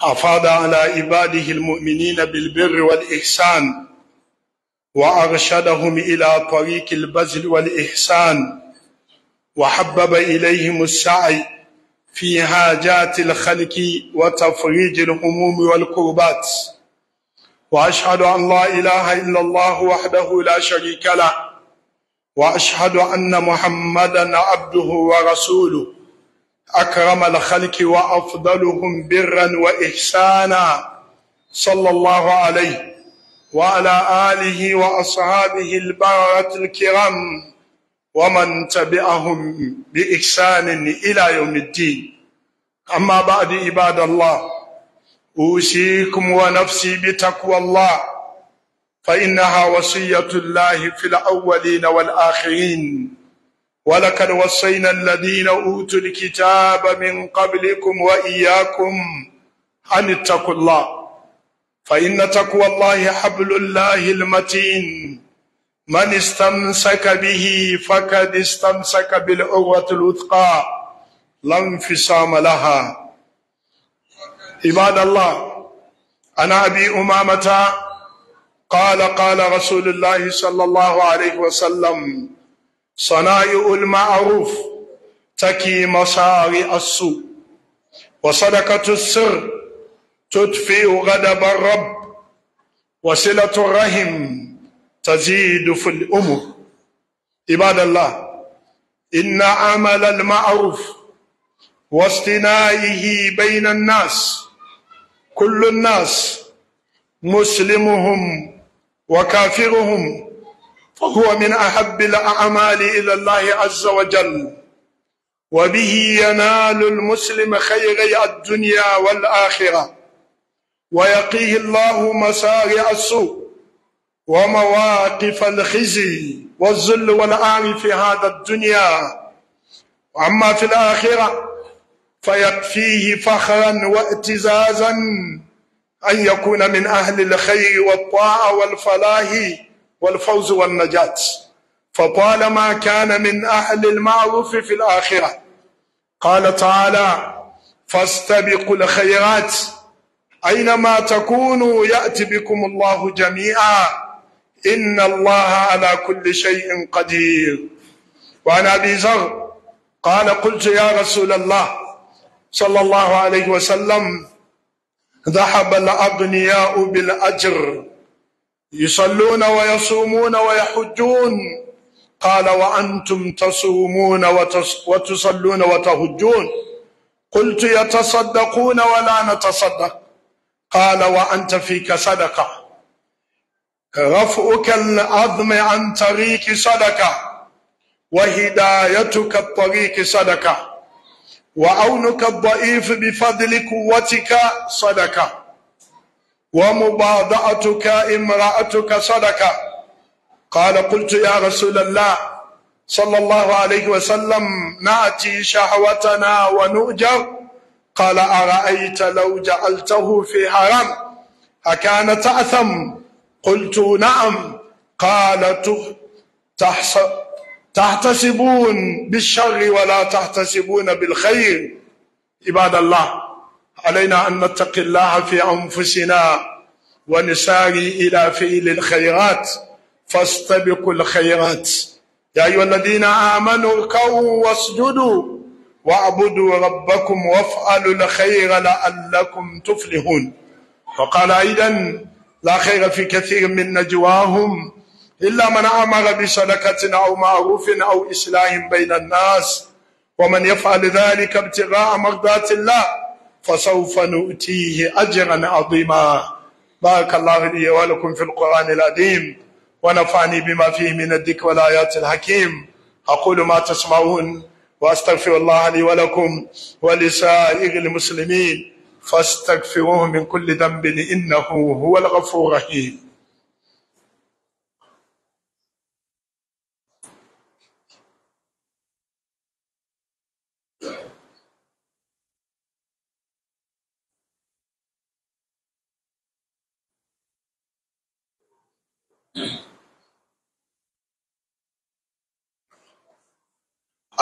أفاض على عباده المؤمنين بالبر والإحسان وأرشدهم إلى طريق البذل والإحسان وحبب إليهم السعي في حاجات الخلق وتفريج الهموم والكربات وأشهد أن لا إله إلا الله وحده لا شريك له وأشهد أن محمدا عبده ورسوله أكرم الخلق وأفضلهم برا وإحسانا صلى الله عليه وعلى آله وأصحابه البررة الكرام ومن تبعهم بإحسان إلى يوم الدين أما بعد عباد الله أوصيكم ونفسي بتقوى الله فإنها وصية الله في الأولين والآخرين ولقد وصينا الذين أوتوا الكتاب من قبلكم وإياكم أن اتقوا الله فإن تقوى الله حبل الله المتين من استمسك به فقد استمسك بالعروة الوثقى لا انفصام لها عباد الله أنا أبي أمامة قال قال رسول الله صلى الله عليه وسلم صنائع المعروف تكي مصاري السوء وصدقة السر تدفئ غضب الرب وصلة الرحم تزيد في الأمور عباد الله إن عمل المعروف واصطنائه بين الناس كل الناس مسلمهم وكافرهم وهو من احب الاعمال الى الله عز وجل وبه ينال المسلم خير الدنيا والاخره ويقيه الله مسارع السوء ومواقف الخزي والذل والعار في هذا الدنيا وأما في الآخرة فيكفيه فخرا واعتزازا أن يكون من أهل الخير والطاعة والفلاح والفوز والنجاة فطالما كان من أهل المعروف في الآخرة قال تعالى فاستبقوا الخيرات أينما تكونوا يأتي بكم الله جميعا إن الله على كل شيء قدير وعن أبي ذر قال قلت يا رسول الله صلى الله عليه وسلم ذهب الأغنياء بالأجر يصلون ويصومون ويحجون قال وأنتم تصومون وتصلون وتهجون قلت يتصدقون ولا نتصدق قال وأنت فيك صدقة رفعك العظم عن طريق صدقة وهدايتك الطريق صدقة وعونك الضعيف بفضل قوتك صدقه ومبادعتك امرأتك صدقة قال قلت يا رسول الله صلى الله عليه وسلم نأتي شهوتنا ونؤجر قال أرأيت لو جعلته في حرام أكان تأثم قلت نعم قال تحتسبون بالشر ولا تحتسبون بالخير عباد الله علينا أن نتقي الله في أنفسنا ونساري إلى فعل الخيرات فاستبقوا الخيرات يا أيها الذين آمنوا اركعوا واسجدوا واعبدوا ربكم وافعلوا الخير لعلكم تفلحون وقال أيضا لا خير في كثير من نجواهم إلا من أمر بصدقة أو معروف أو إصلاح بين الناس ومن يفعل ذلك ابتغاء مرضات الله فسوف نؤتيه أجرا عظيما بارك الله لي ولكم في القرآن العظيم ونفعني بما فيه من الذكر والآيات الحكيم أقول ما تسمعون وأستغفر الله لي ولكم ولسائر المسلمين فاستغفروه من كل ذنب إنه هو الغفور الرحيم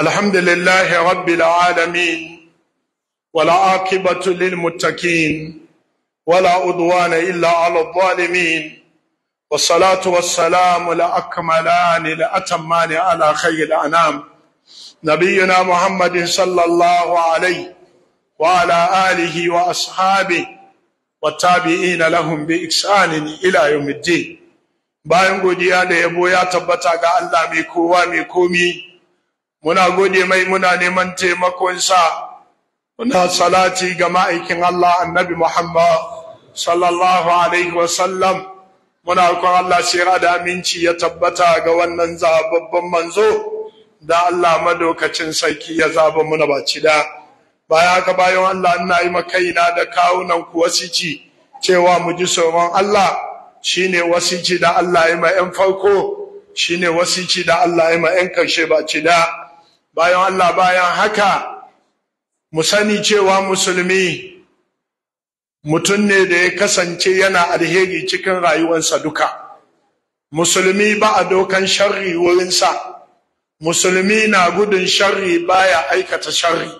الحمد لله رب العالمين ولا عاقبة للمتقين ولا أدوان إلا على الظالمين والصلاة والسلام لأكملان لأتمان على خير الأنام نبينا محمد صلى الله عليه وعلى آله وأصحابه والتابعين لهم بإحسان إلى يوم الدين bayan godiya da yabo ya tabbata ga Allah mai kowa mai komi muna gode mai muna neman taimakonsa muna salati ga ma'aikin Allah annabi Muhammad sallallahu alaihi wasallam muna kwan Allah shira da aminci ya tabbata ga wannan zababban manzo da Allah madaukacin sarki ya zaba muna baci da baya ka bayan Allah ina yi makaina da kawunan ku wasici cewa mu ji tsoron Allah shine wasici da Allah ya ma yan farko shine wasici da Allah ya ma yan karshe baci da bayan Allah bayan haka mu sani cewa musulmi mutum ne da ya kasance yana alheri cikin rayuwarsa duka musulmi ba a dokan sharri wurinsa musulmi na gudun sharri baya aikata sharri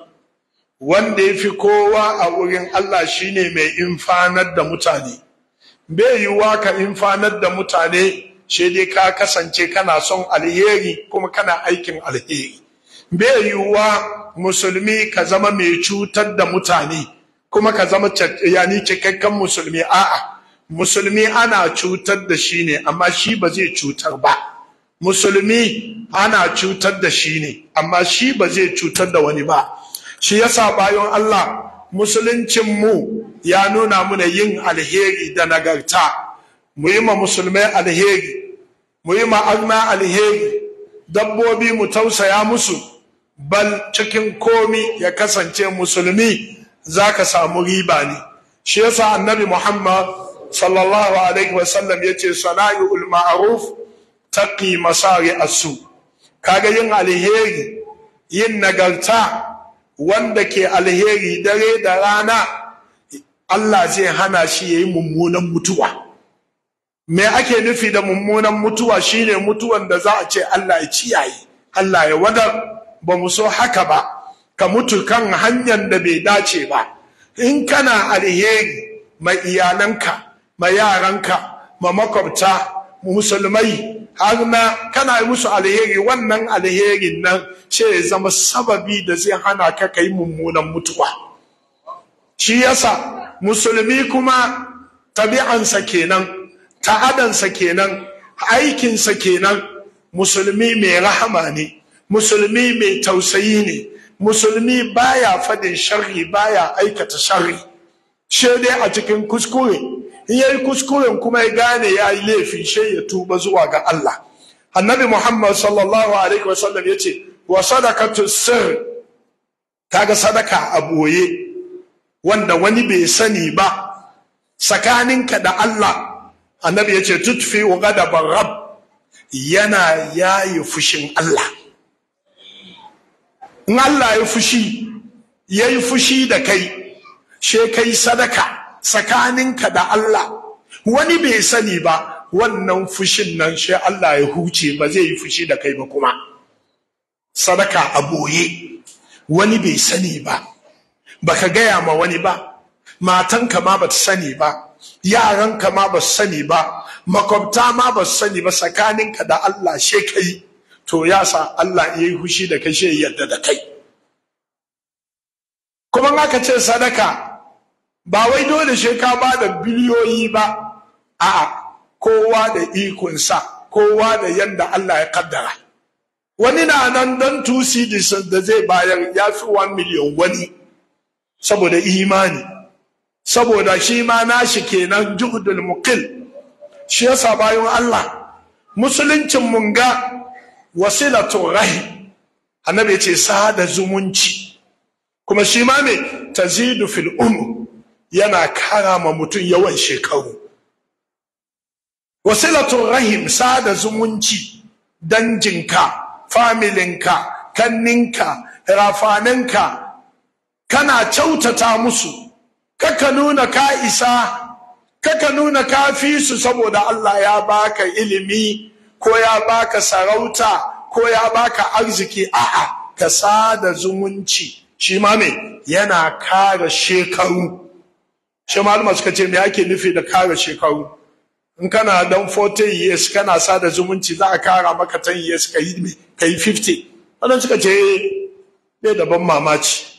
wanda ya fi kowa a wurin Allah shine mai infanar da mutane bai yiwuwa ka infanar da mutane shi dai ka kasance kana son alheri kuma kana aikin alheri bai yiwuwa musulmi ka zama mai cutar da mutane kuma ka zama yani cikakken musulmi a'a musulmi ana cutar da shi ne amma shi ba zai cutar ba musulmi ana cutar da shi ne amma shi ba zai cutar da wani ba shi yasa bayan Allah musuluncin mu ya nuna muna yin alheri da nagarta mu yi ma musulmai alheri mu yi ma alheri dabbobi mu tausaya musu bal cikin komi ya kasance musulmi za ka samu riba ne shi yasa annabi muhammad sallallahu alaihi wasallam ya ce sana'ul ma'ruf taqi masari asu kaga yin alheri yin nagarta wanda ke alheri dare da rana Allah zai hana shi ya yi mummunan mutuwa me ake nufi da mummunan mutuwa shine mutuwan da za a ce Allah ya ciyaye Allah ya wadar ba mu so haka ba ka mutu kan hanyar da bai dace ba in kana alheri ma iyalanka ma yaranka ma makwabta musulmai har na kana musu alheri wannan alherin nan ce zama sababi da zai hana ka kai mummunan mutuwa shi yasa musulmi kuma tabi'ansa kenan ta'adansa kenan aikinsa kenan musulmi mai rahama ne musulmi mai tausayi ne musulmi baya fadin sharri baya aikata sharri she dai a cikin kuskure in yayi kuskuren kuma ya gane ya yi laifi she ya tuba zuwa ga Allah annabi Muhammad sallallahu alaihi wasallam yace wa sadaqatu sirr kaga sadaka a boye wanda wani bai sani ba tsakaninka da Allah annabi yace tutfi wa ban rab. yana yayi fushin Allah in Allah ya fushi ya yi fushi da kai she kai sadaka tsakaninka da Allah wani bai sani ba wannan fushin nan she Allah ya huce ba zai yi fushi da kai ba kuma sadaka a boye wani bai sani ba baka gaya ma wani ba matanka ma bata sani ba yaranka ma ba sani ba makwabta ma ba sani ba tsakaninka da Allah she kai to ya sa Allah ya yi hushi da kashe yadda da kai kuma aka ce sadaka ba wai dole shi ka ba da biliyoyi ba a'a kowa da ikonsa kowa da yadda Allah ya kaddara wani na nan don tusi da zai bayan ya fi 1 miliyan wani saboda imani saboda shi ma nashi kenan juhudul mukil shi yasa bayan Allah musuluncin munga. wasilatun rahim annabi yace sada zumunci kuma shi ma me tazidu fil umr yana karama mutum yawan shekaru wasilatun rahim sada zumunci danjinka familinka kanninka rafaninka kana kyautata musu kaka nuna ka isa kaka nuna ka fi su saboda Allah ya baka ilimi ko ya baka sarauta ko ya baka arziki a'a ka sada zumunci shi ma me yana kare shekaru shi malama suka ce me ake nufi da kare shekaru in kana dan 40 years kana sada zumunci za a kara maka 10 years ka yi me ka yi 50 wannan suka ce eh, bai da ban mamaci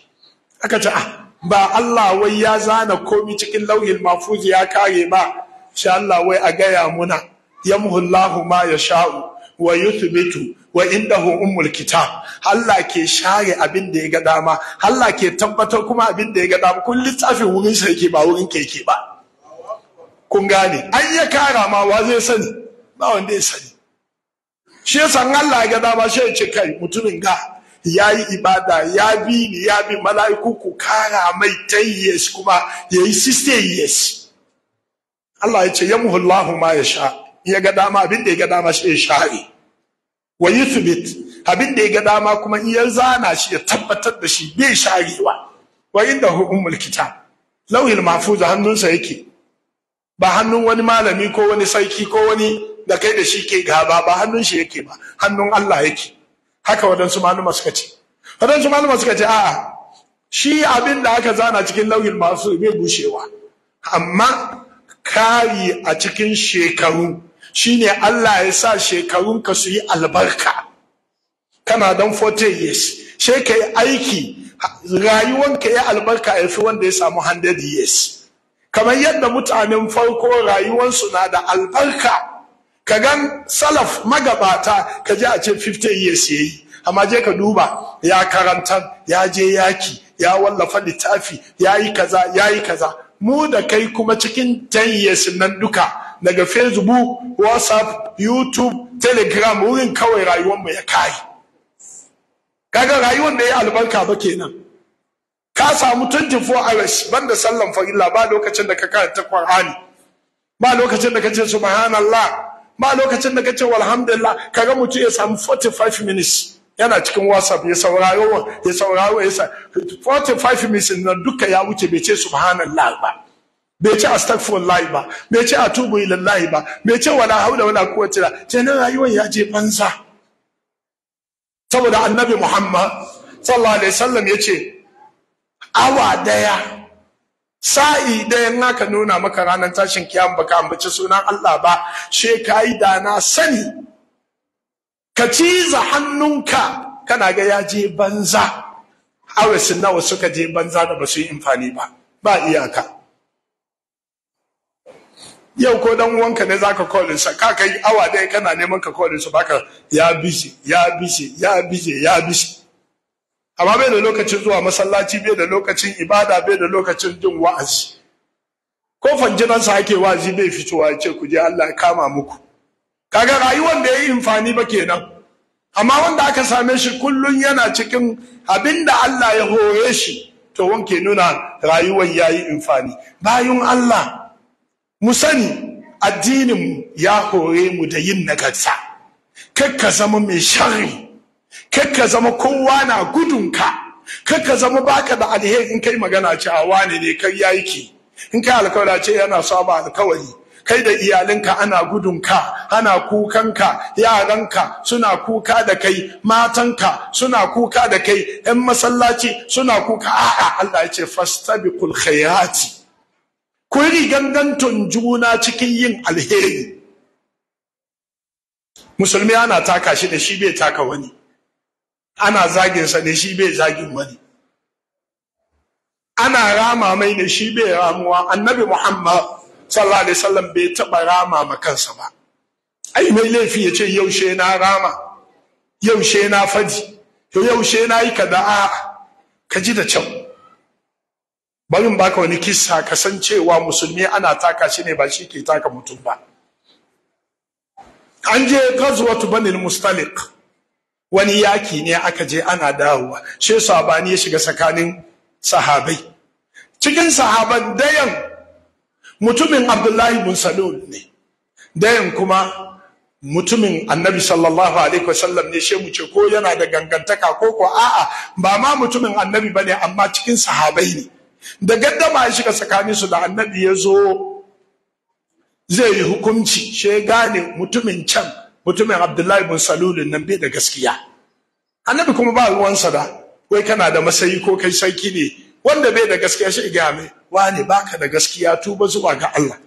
aka ce ah ba Allah wai ya zana komi cikin lauhin mafuzi ya kare ba sha Allah wai a gaya muna yamhu Allahu ma ya sha'u wa yuthbitu wa indahu ummul kitab Allah ke share abin da ya ga dama Allah ke tabbatar kuma abin da ya ga dama kun littafin wurin sai ke ba wurin keke ba kun gane an ya kara ma wa zai sani ba wanda ya sani shi san Allah ya ga dama shi ya ce kai mutumin ga ya yi ibada ya bi ni ya bi mala'iku ku kara mai tayyes kuma ya yi 60 years Allah ya ce yamhu Allahu ma ya sha'u ya ga dama abin da ya ga dama shi ya share wa yuthbit abin da ya ga dama kuma in ya zana shi ya tabbatar da shi bai sharewa wa inda hukumul kitab lauhil mahfuz hannunsa yake ba hannun wani malami ko wani sarki ko wani da kai da shi ke gaba ba hannun shi yake ba hannun Allah yake haka wadansu maluma suka ce wadansu maluma suka ce a'a shi abin da aka zana cikin lauhin masu bai bushewa amma kari a cikin shekaru shine Allah ya sa shekarunka su yi albarka kana dan 40 years She ka yi aiki rayuwanka ya albarka ya fi wanda ya samu 100 years kamar yadda mutanen farko rayuwansu na da albarka ka gan salaf magabata ka je a ce 50 years yayi amma je ka duba ya karanta ya je yaki ya wallafa littafi ya yi kaza ya yi kaza mu da kai kuma cikin 10 years nan duka daga facebook whatsapp youtube telegram wurin kawai mu ya kai kaga rayuwan da ya albarka ba kenan ka samu 24 hours da sallan farilla ba lokacin da ka karanta qur'ani ba lokacin da ka ce subhanallah ba lokacin da ka ce alhamdulillah kaga mutum ya samu 45 minutes yana cikin whatsapp ya sauraro ya sauraro ya 45 minutes na duka ya wuce bai ce subhanallah ba bai ce layi ba bai ce atubu ilallahi ba bai ce wala da wala quwwata illa kenan rayuwar ya je banza saboda annabi muhammad sallallahu alaihi wasallam yace awa daya sa'i daya na ka nuna maka ranar tashin kiyama baka ambaci sunan Allah ba she kai da na sani ka ciza hannunka kana ga ya je banza awasin nawa suka je banza da basu yi amfani ba ba iyaka yau ko dan uwanka ne zaka call sa ka kai awa dai kana neman ka call sa baka ya bishi ya bishi ya bishi ya bishi amma bai da lokacin zuwa masallaci bai da lokacin ibada bai da lokacin jin wa'azi ko fanjinan sa ake wa'azi bai fitowa ya ce ku je Allah ya kama muku kaga rayuwar da yayi imfani ba kenan amma wanda aka same shi kullun yana cikin abinda Allah ya hore shi to wanke nuna rayuwar yayi imfani Bayan Allah mu sani addinin ya hore mu da yin nagarta kakka zama mai sharri kakka zama kowa na gudunka kakka zama baka da alheri in kai magana ce a wane ne kar ya yi in kai alkawari ce yana saba alkawari kai da iyalinka ana gudunka ana kukanka yaranka suna kuka da kai matanka suna kuka da kai 'yan masallaci suna kuka a'a Allah ya ce fastabiqul khairati kun rigangantun juna cikin yin alheri musulmi ana taka shi da shi bai taka wani ana zagin sa da shi bai zagin wani ana rama mai da shi bai ramuwa annabi muhammad sallallahu alaihi wasallam bai taba rama ma kansa ba ai mai laifi ya ce yaushe na rama yaushe na faji yaushe na yi kada a kaji da can barin baka wani kissa kasancewa musulmi ana taka shi ne ba shi ke taka mutum ba an je ghazwatu banil mustaliq wani yaki ne aka je ana dawowa sai sabani ya shiga tsakanin sahabai cikin sahaban dayan mutumin abdullahi bin salul ne dayan kuma mutumin annabi sallallahu alaihi wasallam ne shi mu ce ko yana da gangantaka ko ko a'a ba ma mutumin annabi bane amma cikin sahabai ne da gaddama ya shiga tsakanin su da annabi ya zo zai yi hukunci shi gane mutumin can mutumin abdullahi bin salulun nan bai da gaskiya annabi kuma ba ruwansa da wai kana da masayi ko kai sarki ne wanda bai da gaskiya shi ga mai Wani baka da gaskiya tuba zuwa ga Allah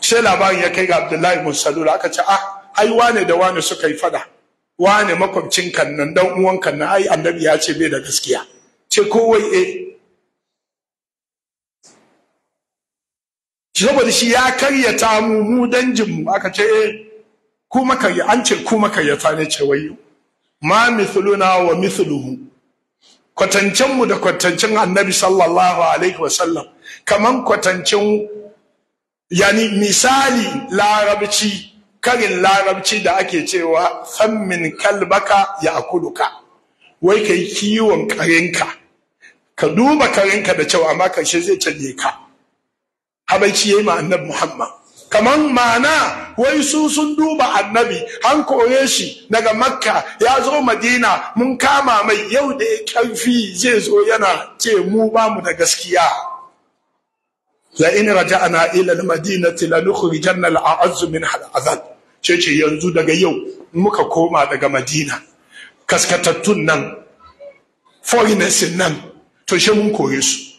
sai labarin ya kai ga abdullahi bin salulun aka ce a ah, ai wane da wane suka yi fada wane makwabcin kan nan dan uwan kan nan ai annabi ya ce bai da gaskiya ce kowai eh saboda shi ya karyata mu mu danjin mu aka ce kuma eh, ku an ce ku makaryata ne ce wayo ma mithluna wa mithluhu kwatancen da kwatancen annabi sallallahu alaihi wasallam kaman kwatancin, yani misali larabci karin larabci da ake cewa sammin kalbaka ya akuluka wai kai kiwon karenka ka duba karenka da cewa amma karshe zai canje ka habaici ya ma annabi Muhammad kaman mana wai su sun duba annabi an koye shi daga makka ya zo madina mun kama mai yau da ya karfi zai zo yana ce mu ba mu da gaskiya la in raja'na ila al-madinati la nukhrijanna al-a'azz min al-azab ce ce yanzu daga yau muka koma daga madina kaskatattun nan foreigners nan to she mun koye su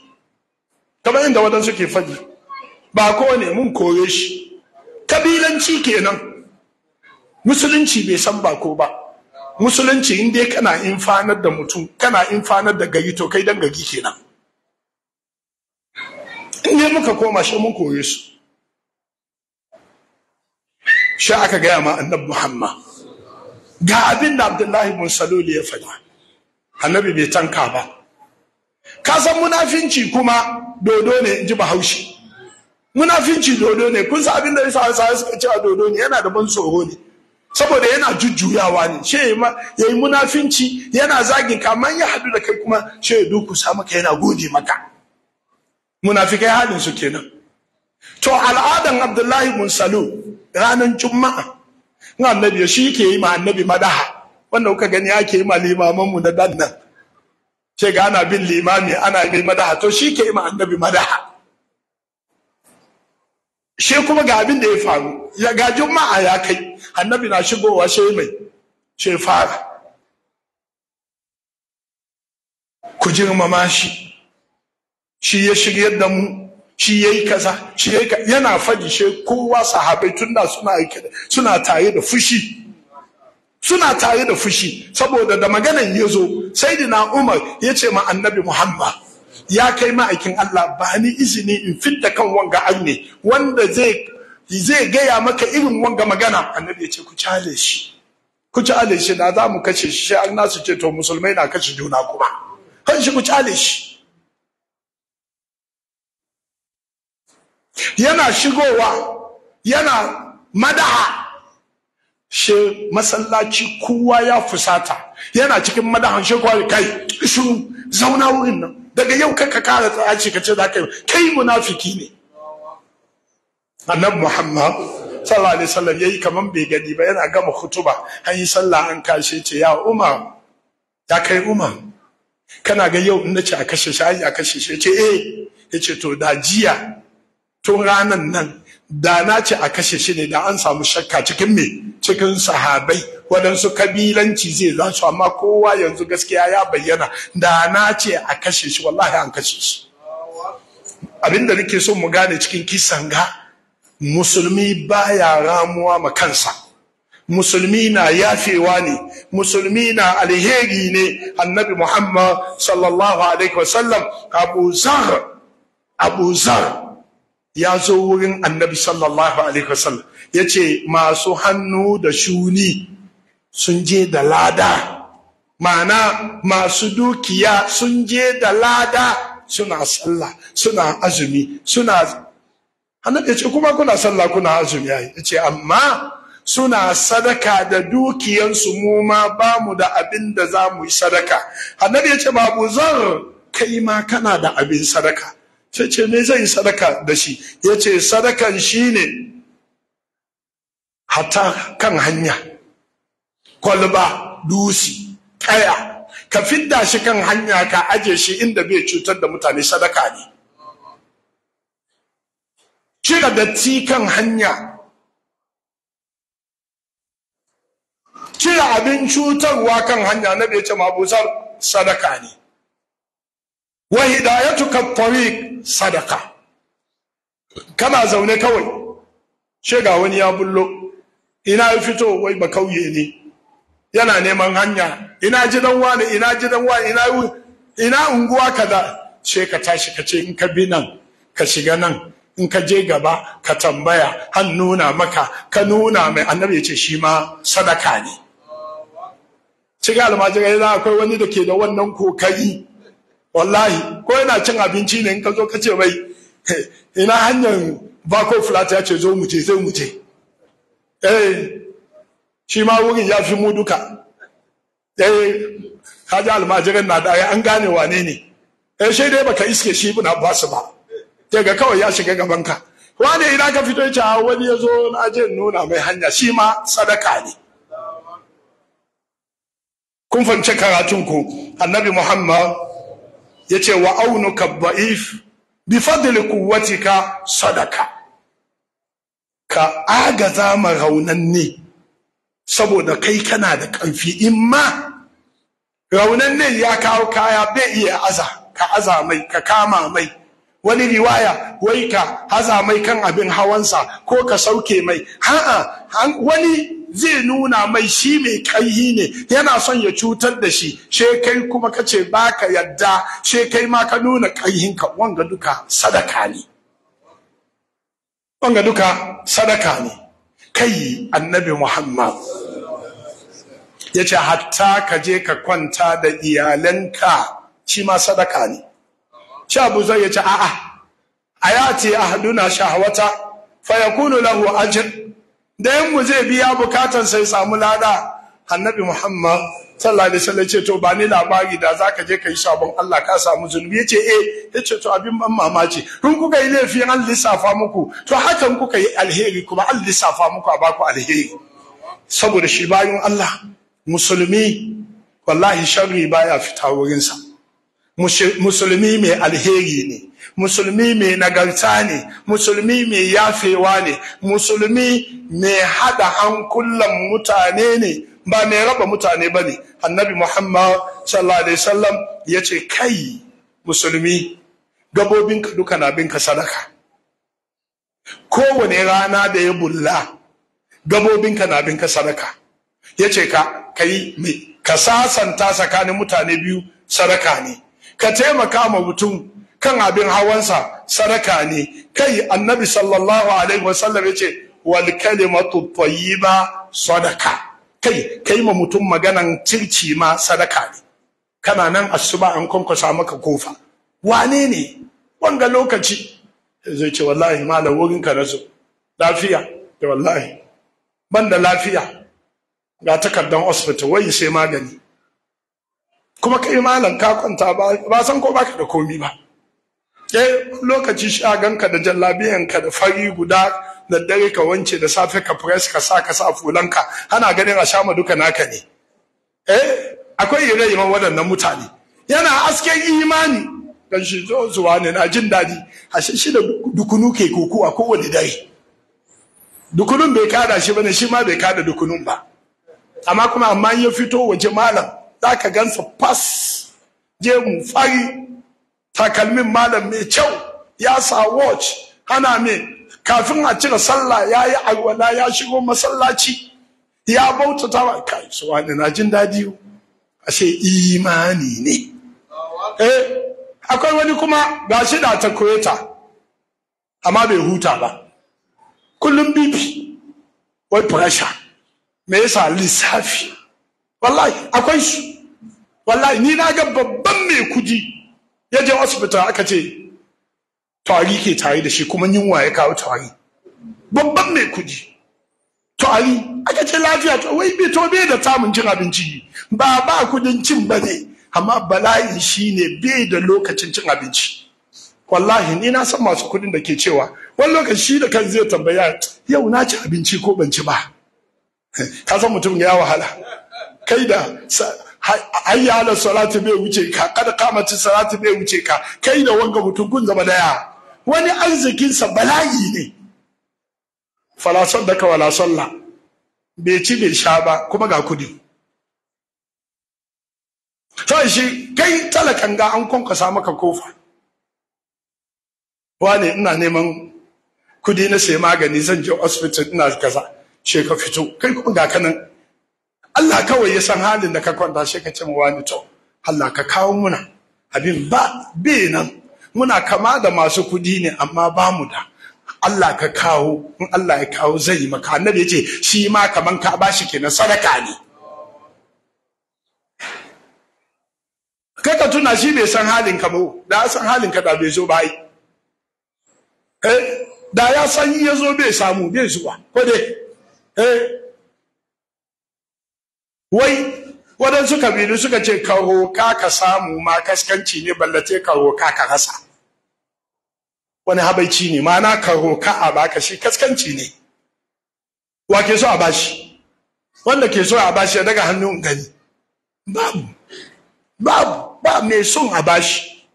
kamar inda wadansu ke faɗi ba kowane mun koye shi kabilanci kenan musulunci bai san bako ba musulunci in dai kana infanar da mutum kana infanar da gari to kai dan gari kenan in dai muka koma shi mun koye su shi aka gaya ma annabi muhammad ga abin da abdullahi bin saluli ya faɗa annabi bai tanka ba ka san munafinci kuma dodo ne in ji bahaushe munafinci dodo ne kun san abin da yasa sa suka ce a dodo ne yana da ban tsoro ne saboda yana jujjuyawa ne she yayi munafinci yana zagi kamar ya hadu da kai kuma she duku sa maka yana gode maka munafikai halin su kenan to al'adan abdullahi bin salu ranan juma'a na annabi shi yake yi ma annabi madaha wanda kuka gani ake yi ma limaman mu na dan nan she ga ana bin limami ana yi madaha to shi ke yi ma annabi madaha shi kuma ga abin da ya faru ya ga juma'a ya kai annabi na shigowa shi mai shi fara ku mama shi shi ya shirya da mu shi ya yi kaza shi ya yana faɗi shi kowa sahabai tun da suna suna tare da fushi suna tare da fushi saboda da maganan ya zo sai umar ya ce ma annabi muhammad ya kai ma'aikin Allah ba ni izini in fidda kan wanga an ne wanda zai gaya maka irin wanga magana annabi ya ce ku cale shi ku cale shi da za mu kashe shi sai an nasu ce to musulmai na kashe juna kuma kan shi ku cale shi yana shigowa yana madaha shi masallaci kowa ya fusata yana cikin madahan shi kai shi zauna wurin nan daga yau kaka kara tsaci ka ce za ka yi kai munafiki ne annabi muhammad sallallahu alaihi wasallam yayi kaman bai gani ba yana gama hutuba an yi sallah an kashe ce ya ya kai umma kana ga yau in nace a kashe shi a kashe shi ce eh yace to da jiya tun ranan nan da na ce a kashe shi ne da an samu shakka cikin me cikin sahabai waɗansu kabilanci zai za su amma kowa yanzu gaskiya ya bayyana da na ce a kashe shi wallahi an kashe shi abinda nake so mu gane cikin kisan ga musulmi baya ramuwa ma kansa musulmi na yafewa ne musulmi na alheri ne annabi muhammad sallallahu alaihi wasallam abu zar abu zar ya zo wurin annabi sallallahu alaihi wasallam ya ce masu hannu da shuni sun je da lada ma'ana masu dukiya sun je da lada suna sallah suna azumi suna annabi ya ce kuma kuna sallah kuna azumi ya ce amma suna sadaka da dukiyansu mu ma ba mu da abin da za mu yi sadaka annabi ya ce babu zan kai ma kana da abin sadaka sai ce me zan sadaka da shi ya ce sadakan shi ne hata kan hanya kwalba dusi kaya ka fidda shi kan hanya ka aje shi inda bai cutar da mutane sadaka ne cire datti kan hanya cire abin cutarwa kan hanya na bai ce mabusar sadaka ne wa hidayatuka tariq sadaka kana zaune kawai she ga wani ya bullo ina ya fito wai ba kauye ne yana neman hanya ina ji dan wani ina ji dan wani ina ina unguwa kaza ce ka tashi ka ce in ka bi nan ka shiga nan in ka je gaba ka tambaya han nuna maka ka nuna mai annabi ya ce shi ma sadaka ne Ciga almajirai yana akwai wani da ke da wannan kokari wallahi ko yana cin abinci ne in ka zo ka ce mai ina hanyar bako flat ya ce zo mu je zai mu je eh shi ma wurin ya fi mu duka eh ji almajirin na daya an gane wane ne eh shi dai baka iske shi ba su ba sai kawai ya shiga gaban ka wane ina ka fito yace ah, wani ya zo na je nuna mai hanya shi ma sadaka ne kun fance karatun ku annabi Muhammad Ya ce wa aunuka da'if bi fadli quwwatika sadaka ka agaza ma raunanne saboda kai kana da ƙarfi in ma raunanne ya kawo kaya bai iya aza ka aza mai ka kama mai wani riwaya wai ka haza mai kan abin hawansa ko ka sauke mai a'a wani zai nuna mai shi mai kaihi ne yana son ya cutar da shi she kai kuma kace baka yadda Shekai ma ka nuna kaihinka wanga duka sadaka ne wanga duka sadaka ne kai annabi muhammad ya ce hatta ka je ka kwanta da iyalanka shi ma sadaka ne shi abu zai ya ce a'a a ya ce ahaduna shahawata fa yakunu lahu ajr dayan mu zai biya bukatan sai samu lada annabi muhammad sallallahu alaihi wasallam ce to ba ni labari da zaka je kai sabon Allah ka samu zunubi yace eh yace to abin ban mamaci kun kuka yi laifi an lissafa muku to hakan kuka yi alheri kuma an lissafa muku a baku alheri saboda shi bayun Allah musulmi wallahi sharri baya fita wurinsa musulmi mai alheri ne musulmi mai nagarta ne musulmi mai yafewa ne musulmi mai hada hankulan mutane ne ba mai raba mutane ba ne annabi muhammad sallallahu alaihi wasallam ya ce kai musulmi gabobinka duka na binka sadaka kowane rana da ya bulla gabobinka na binka sadaka ya ce ka kai mai ka sasanta tsakanin mutane biyu sadaka ne ka taimaka ma mutum kan abin hawansa sadaka ne kai annabi sallallahu alaihi wasallam yace wal kalimatu tayyiba sadaka kai kai ma mutum maganan circi ma sadaka ne kana nan asuba an kwankwasa maka kofa wane ne wanga lokaci zai ce wallahi malam wurin ka nazo lafiya da wallahi ban da lafiya ga takardan hospital wai sai magani kuma kai malam ka kwanta ba san ko baka da komi ba ke lokaci shaganka da jallabiyanka da fari guda da dare ka wance da safe ka press ka sa ka sa fulanka ana ganin a shama duka naka ne eh akwai ire-iren waɗannan mutane yana asken imani kan shi zo zuwa ne na jin daɗi ashe shi da dukunu ke koko a kowane dare dukunun bai kada shi bane shi ma bai kada dukunun ba amma kuma amma ya fito waje malam zaka gansa fas je mu fari takalmin malam mai kyau ya sa watch ana min kafin a cire sallah ya yi alwala ya shigo masallaci ya bautata wa kai su wani na jin daɗi ce imani ne eh akwai wani kuma ga shi da ta koyata amma bai huta ba kullum bibi wai pressure me yasa lissafi wallahi akwai shi wallahi ni na ga babban mai kudi ya je asibita aka ce tari ke tare da shi kuma yunwa ya kawo tari babban mai kudi tari aka ce lafiya to wai bai to bai da samun cin abinci ba ba kudin cin ba ne amma bala'i shi ne bai da lokacin cin abinci wallahi ni na san masu kudin da ke cewa wani lokaci shi da kan zai tambaya yau na ci abinci ko ban ci ba ka san mutum ya wahala kai da hayya ala salati bai wuce ka kada kamata salati bai wuce ka kai da wanga mutum kun zama daya wani arzikinsa bala'i ne fala ka wala salla bai ci bai sha ba kuma ga kudi to shi kai talakan ga an kwankwasa maka kofa wane ina neman kudi na sai magani zan je hospital ina kaza she fito kai kuma ga kanan Allah kawai ya san halin da ka kwanta shi ka ce mu wani to Allah ka kawo muna abin ba be nan muna kama da masu kudi ne amma ba mu da Allah ka kawo in Allah ya kawo zai yi maka annabi ya ce shi ma kaman ka shi kenan sadaka ne kai ka tuna shi bai san halin ka ba da san halin ka da bai zo ba eh da ya san ya zo bai samu bai zuwa ko dai eh wai waɗansu kabilu suka ce ka roƙa ka samu ma kaskanci ne ballace ka roƙa ka rasa wani habaici ne ma'ana ka roƙa a baka shi kaskanci ne wa ke so a bashi wanda ke so a bashi ya daga hannun gani babu babu ba mai son a bashi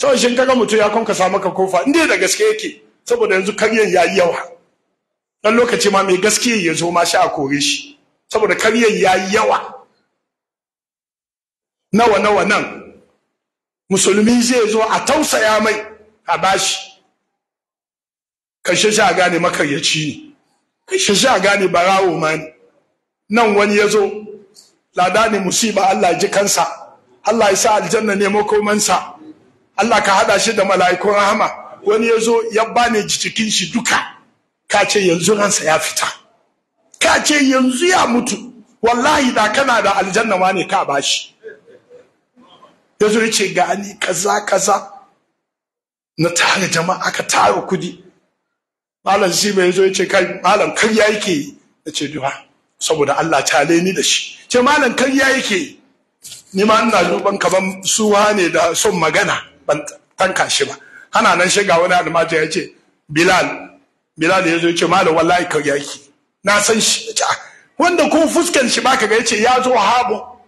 sau shi kaga mutum ya samu maka kofa inda da gaske yake saboda yanzu karyan ya yi yawa ɗan lokaci ma mai gaske ya zo ma shi a kore shi saboda karyar ya yi yawa nawa nawa nan musulmi zai zo a tausaya mai a bashi kashe shi a gane makaryaci ne kashe shi gane barawo ma ne nan wani ya zo lada ne musiba Allah ji kansa Allah ya sa aljanna ne makomansa Allah ka hada shi da mala'ikun rahama wani ya zo ya bani jikin shi duka ka ce yanzu ransa ya fita ka ce yanzu ya mutu wallahi da kana da aljanna ma ne ka bashi ya zo ya ce gani kaza kaza na tare jama'a ka tara kudi malam shi mai zo ya ce kai malam karya yake yi ya ce duha saboda Allah ta ni da shi ce malam karya yake yi ni ma ina duban kaman suwa ne da son magana ban tanka shi ba ana nan shiga wani almaji ya ce bilal bilal ya zo ya ce malam wallahi karya yake na san shi ah. wanda kun fuskan shi baka ga yace ya zo habo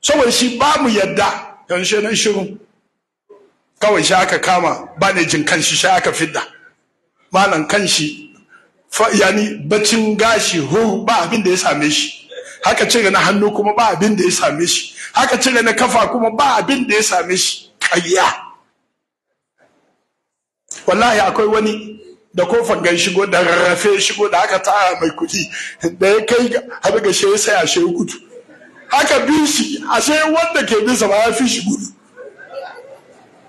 saboda shi ba mu yadda yanzu nan shiru kawai shi aka kama banejin kanshi shi aka fidda malam kanshi yani bacin gashi hu ba abin da ya same shi haka cire na hannu kuma ba abin da ya same shi haka cire na kafa kuma ba abin da ya same shi ƙarya wallahi akwai wani da kofan gan shigo da rarrafe shigo da aka tara mai kuɗi da ya kai har ga shi sai a shi gudu haka bi shi a sai wanda ke bisa ba ya fi shi gudu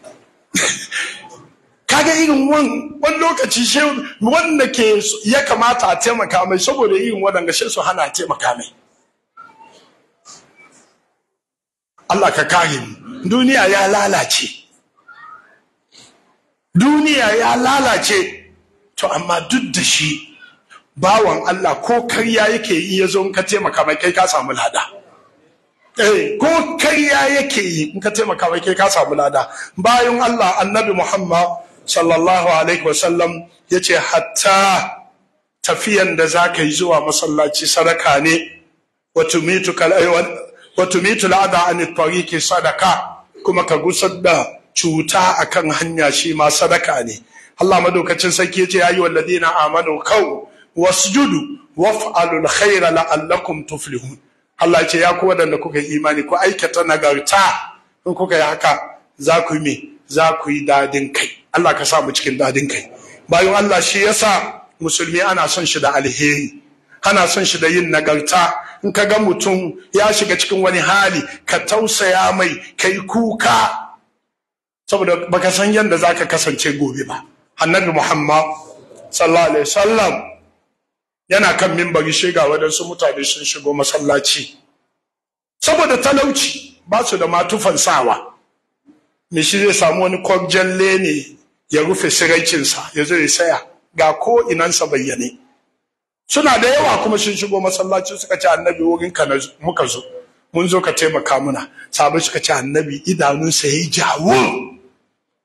kaga irin wan wani lokaci shi wanda ke ya kamata a taimaka mai saboda irin waɗanda shi su hana taimaka mai Allah ka kare mu duniya ya lalace duniya ya lalace to amma duk da shi bawan Allah ko karya yake yi ya zo in ka taimaka mai kai ka samu lada eh ko karya yake yi in ka taimaka mai kai ka samu lada bayan Allah annabi Muhammad sallallahu alaihi wasallam ya ce hatta tafiyan da za ka yi zuwa masallaci sadaka ne watu mitu la'ada an ke sadaka kuma ka gusar da cuta akan hanya shi ma sadaka ne Allah madaukacin sarki ce ya yi wallazi na amanu kaw wafu waf'alul khaira la'allakum tuflihun Allah ce ya ku wadanda kuka yi imani ku aikata nagarta in kuka yi haka za ku yi me za ku yi dadin kai Allah ka sa mu cikin dadin kai bayan Allah shi ya sa musulmi ana son shi da alheri ana son shi da yin nagarta in ka ga mutum ya shiga cikin wani hali ka tausaya mai kai kuka saboda baka san yadda zaka kasance gobe ba annabi muhammad sallallahu alaihi wasallam yana kan mimbari shiga waɗansu mutane sun shigo masallaci saboda talauci ba su da matufan sawa me shi zai samu wani kwarjan lene ya rufe siraicinsa ya zo ya saya ga ko inansa bayyane suna da yawa kuma sun shigo masallaci suka ce annabi wurin ka muka zo mun zo ka taimaka muna sabai suka ce annabi idanunsa ya yi jawo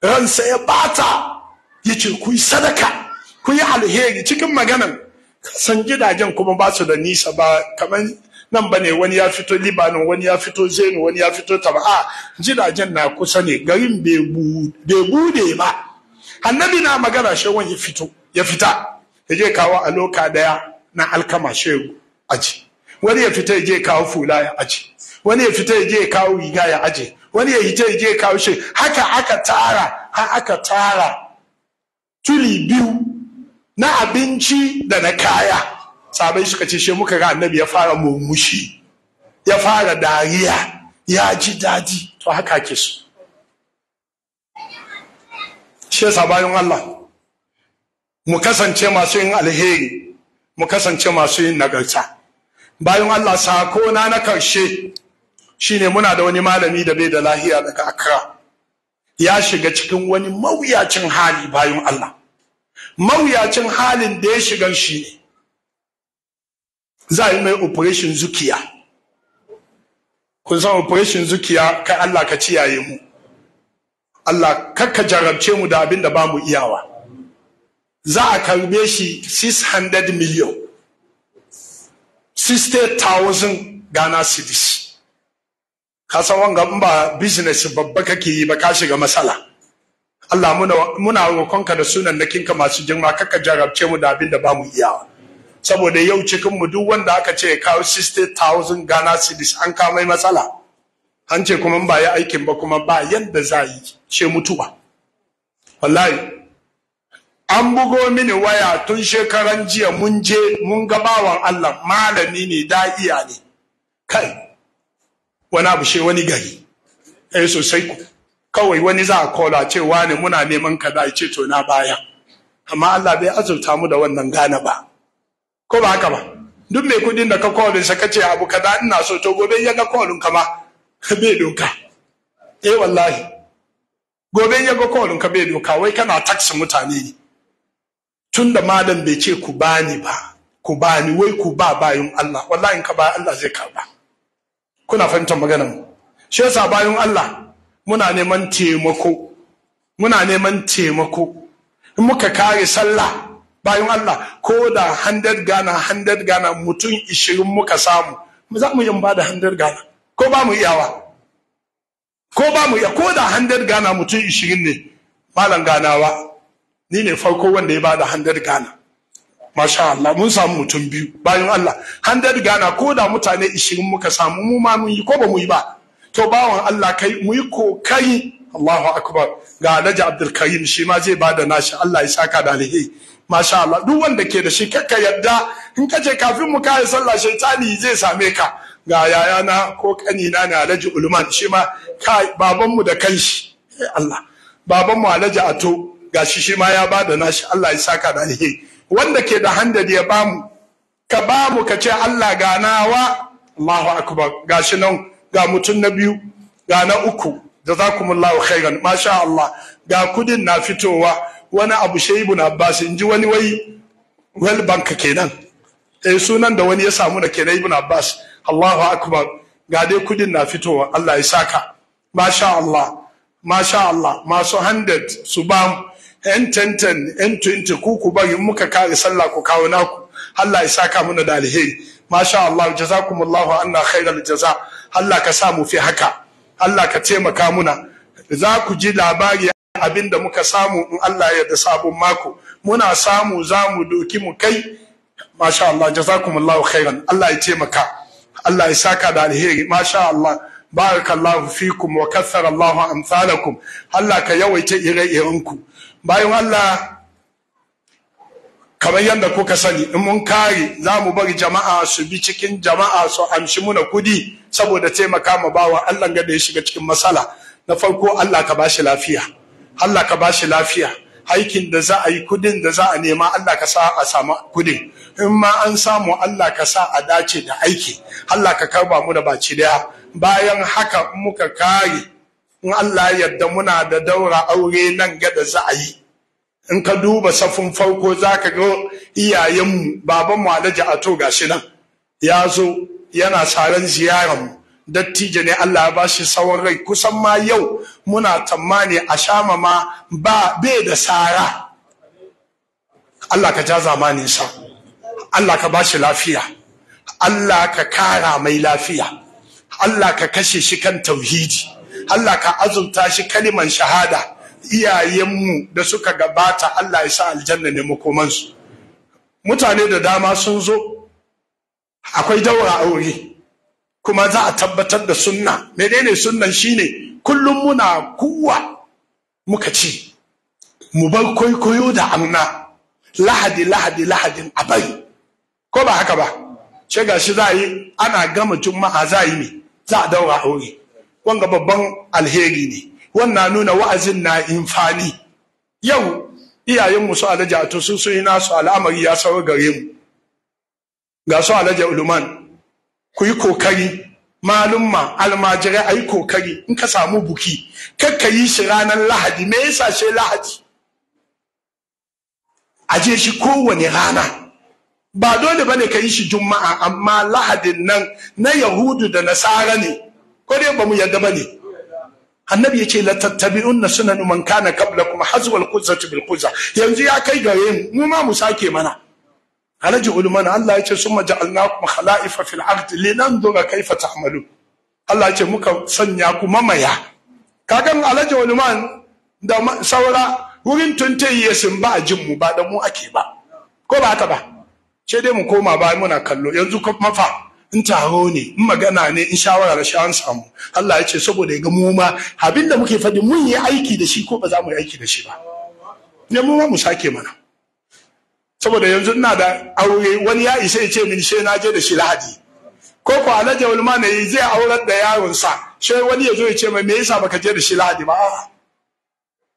ransa ya bata ce ku yi sadaka ku yi alheri cikin maganan san gidajen kuma ba su da nisa ba kamar nan bane wani ya fito Libanon wani ya fito zenu wani ya fito Tab'a gidajen na kusa ne garin bai bude ba annabi na magana shi wani fito ya fita ya je kawo a loka daya na alkama a aji wani ya fita ya je kawo fula ya aji wani ya fita ya je kawo riga ya aje wani ya fita ya je kawo shi haka aka tara ha aka tara tuli biyu na abinci da na kaya sabai suka ce shi muka ga annabi ya fara murmushi ya fara dariya ya ji daji to haka ke su shi sabayin Allah mu kasance masu yin alheri mu kasance masu yin nagarta bayan Allah sako na na karshe shine muna da wani malami da bai da lahiya daga akra ya shiga cikin wani mawuyacin hali bayan Allah mawuyacin halin da ya shigan shi ne za a yi mai operation zukiya kun san operation zukiya kai Allah ka ciyaye mu Allah kakka jarabce mu da abin da ba mu iyawa za a karbe shi 600 million 60,000 Ghana cities. ka san wanga in ba business babba kake yi ba ka shiga matsala Allah muna muna ka da sunan ka masu girma kaka jarabce mu da abin da bamu iyawa saboda yau cikin mu duk wanda aka ce ka 60000 Ghana cedis an kama matsala an ce kuma ba ya aikin ba kuma ba yadda za yi ce mutuwa wallahi an bugo mini waya tun shekaran jiya mun je mun gabawan Allah malami ne da iya ne kai wani abu she wani gari eh sosai ku kawai wani za a kola ce wani muna neman ka da ce to na baya amma Allah bai azurta mu da wannan gane ba ko ba haka ba duk mai kudin da ka kolin sa kace abu kaza ina so to gobe ya ga kolin ka ma bai doka eh wallahi gobe ya ga kolin ka bai doka wai kana taksi mutane ne tun da malam bai ce ku bani ba ku bani wai ku ba bayin Allah wallahi in ka ba Allah zai karba kuna fahimtar maganar shi yasa bayan Allah muna neman taimako muna neman taimako in muka kare sallah bayan Allah ko da 100 gana 100 gana mutum 20 muka samu za mu yin ba da 100 gana ko ba mu iyawa ko ba mu iya ko da 100 gana mutum 20 ne malam ganawa ni ne farko wanda ya ba da 100 gana masha Allah mun samu mutum biyu bayan Allah hundred gana ko da mutane ishirin muka samu mu ma mun yi ko ba mu yi ba to bawan Allah kai mu yi ko kai. Allahu akbar ga Alhaji Abdul Karim shi ma zai bada nashi Allah ya saka da alheri masha Allah duk wanda ke da shi kakka yadda in ka je kafin mu kai sallah shaitani zai same ka ga yayana ko kanina ne Alhaji Ulman shi ma kai babanmu da kanshi eh Allah babanmu Alhaji Ato gashi shi ma ya bada nashi Allah ya saka da alheri wanda ke da handadi ya bamu ka mu ka ce Allah ganawa Allahu akbar gashi nan ga mutum na biyu ga na uku jazakumullahu khairan masha Allah ga kudin na fitowa wani abu shaibu na Abbas in ji wani wai well bank kenan eh sunan da wani ya samu da kenan ibn Abbas Allahu akbar ga dai kudin na fitowa Allah ya saka masha Allah masha Allah masu 100 su bamu yan tantan yan tunti ku ku bari muka kare sallah ku kawo naku Allah ya saka muna da alheri masha Allah jazakumullahu anna khairal jaza Allah ka sa mu fi haka Allah ka taimaka muna za ku ji labari abin da muka samu in Allah ya da sabon mako muna samu za mu doki mu kai masha Allah jazakumullahu khairan Allah ya taimaka Allah ya saka da alheri masha Allah barakallahu fikum wa kathara Allahu amsalakum Allah ka yawaita ire-irenku bayan Allah kamar yadda kuka sani in mun kare za mu bari jama'a su bi cikin jama'a su amshi muna kudi saboda taimaka ma bawa Allah ga da ya shiga cikin matsala na farko Allah ka bashi lafiya Allah ka bashi lafiya aikin da za a yi kudin da za a nema Allah ka sa a samu kudin in ma an samu Allah ka sa a dace da aiki Allah ka karba mu da baci daya bayan haka muka kare in Allah yadda muna da daura aure nan ga da za a yi in ka duba safin farko za ka ga iyayenmu baban mu alhaji ato gashi nan ya zo yana saran ziyarar mu dattijo ne Allah ya bashi tsawon rai kusan ma yau muna tammani a shama ma ba bai da sara Allah ka ja zamanin sa Allah ka bashi lafiya Allah ka kara mai lafiya Allah ka kashe shi kan tauhidi Allah ka azumta shi kaliman shahada iyayenmu da suka gabata Allah ya sa aljanna ne makomansu mutane da dama sun zo akwai daura aure kuma za a tabbatar da sunna menene sunnan shine kullum muna kuwa muka ci mu bar kwaikwayo da amna lahadi lahadi lahadin abai ko ba haka ba ce shi za yi ana gama juma'a za yi ne za a daura aure wanga babban alheri ne wannan nuna wa'azin na infani yau iyayenmu su alaji a su su ina nasu al'amari ya saurar gare mu ga su alaji uluman ku yi kokari malumma almajirai a yi kokari in ka samu buki kakka yi shi ranar lahadi me yasa shi lahadi aje shi kowane rana ba dole ba ne ka yi shi juma'a amma lahadin nan na yahudu da nasara ne ko dai ba mu yarda ba ne annabi ya ce la tattabi'unna sunan man kana kuma hazwal quzzati bil quzza yanzu ya kai ga yin mu ma mu sake mana alaji ulman Allah ya ce summa ja'alnakum khala'ifa fil ard linanzura kaifa ta'malu Allah ya ce muka sanya ku mamaya kagan alaji ulman da saura wurin ya sun ba jin mu ba da mu ake ba ko ba haka ba sai dai mu koma ba muna kallo yanzu mafa in taro ne in magana ne in shawara da shawaran samu Allah ya ce saboda ya ga mu ma abinda muke faɗi mun yi aiki da shi ko ba za mu yi aiki da shi ba ne mu ma mu sake mana saboda yanzu ina da aure wani ya isa ya ce min she na je da shi lahadi ko ko alhaji ulma ne zai aurar da yaron sa she wani ya zo ya ce mai me yasa baka je da shi lahadi ba a'a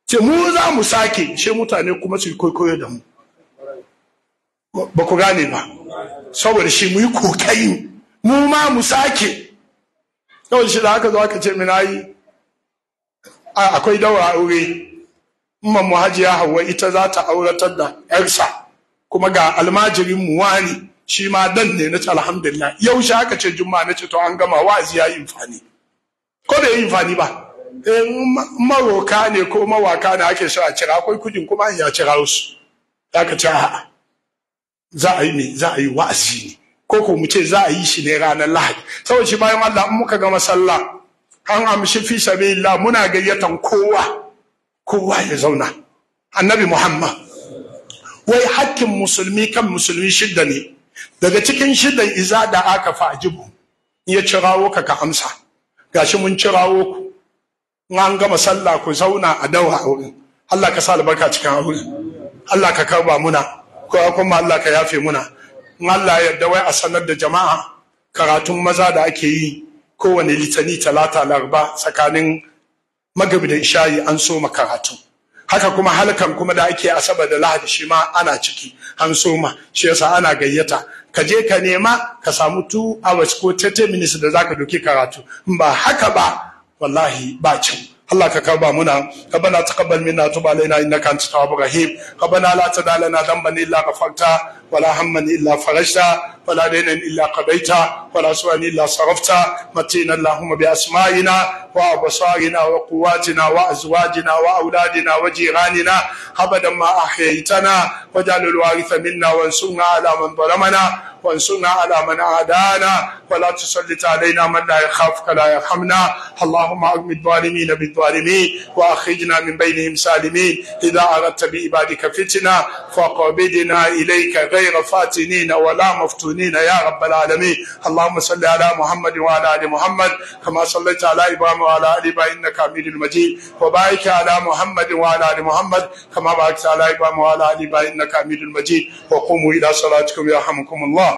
ce mu za mu sake she mutane kuma su koyo da mu ba ku gane ba saboda shi mu yi kokayin mu ma mu sake yau shi da haka zo aka ce mina yi akwai daura aure ma mu hajiya hawa ita za ta auratar da yarsa kuma ga almajirin mu wani shi ma dan ne na alhamdulillah yau shi aka ce juma'a na to an gama wa'azi ya yi infani ko da yi infani ba eh, maroka ne ko mawaka ne ake shi a cira akwai kujin kuma ya cira su aka ce za a yi ne za a yi wa'azi ne ko ko mu ce za a yi shi ne ranar lahadi saboda shi bayan Allah in muka gama sallah an amshi fi sabilillah muna gayyatan kowa kowa ya zauna annabi muhammad wai hakkin musulmi kan musulmi shidda ne daga cikin shiddan iza da aka fa ajibu ya cirawo ka ka amsa gashi mun cirawo ku an gama sallah ku zauna a daura Allah ka sa albarka cikin aure. Allah ka karba muna ko kuma Allah ka yafe muna in Allah ya yarda wai a sanar da jama'a karatun maza da ake yi kowane litani talata larba tsakanin magabi da ishayi an soma karatu haka kuma halkan kuma da ake asabar da lahadi shi ma ana ciki an soma shi yasa ana gayyata ka je ka nema ka samu two hours ko 30 minutes da zaka doki karatu ba haka ba wallahi ba can. Allah ka karba muna rabbana minna tub alaina innaka antat tawwabur rahim rabbana la tada lana dhanban illa wala hamman illa farajta wala daynan illa qadayta wala su'an illa sarafta matina bi asma'ina wa absarina wa quwwatina wa wa auladina wa jiranina abadan ma ahyaytana waj'al al waritha minna وانصرنا على من عادانا ولا تسلط علينا من لا يخافك لا يرحمنا اللهم أغم الظالمين بالظالمين وأخرجنا من بينهم سالمين إذا أردت بعبادك فتنة فقبضنا إليك غير فاتنين ولا مفتونين يا رب العالمين اللهم صل على محمد وعلى آل محمد كما صليت على إبراهيم وعلى آل إبراهيم إنك حميد مجيد وبارك على محمد وعلى آل محمد كما باركت على إبراهيم وعلى آل إبراهيم إنك حميد مجيد وقوموا إلى صلاتكم يرحمكم الله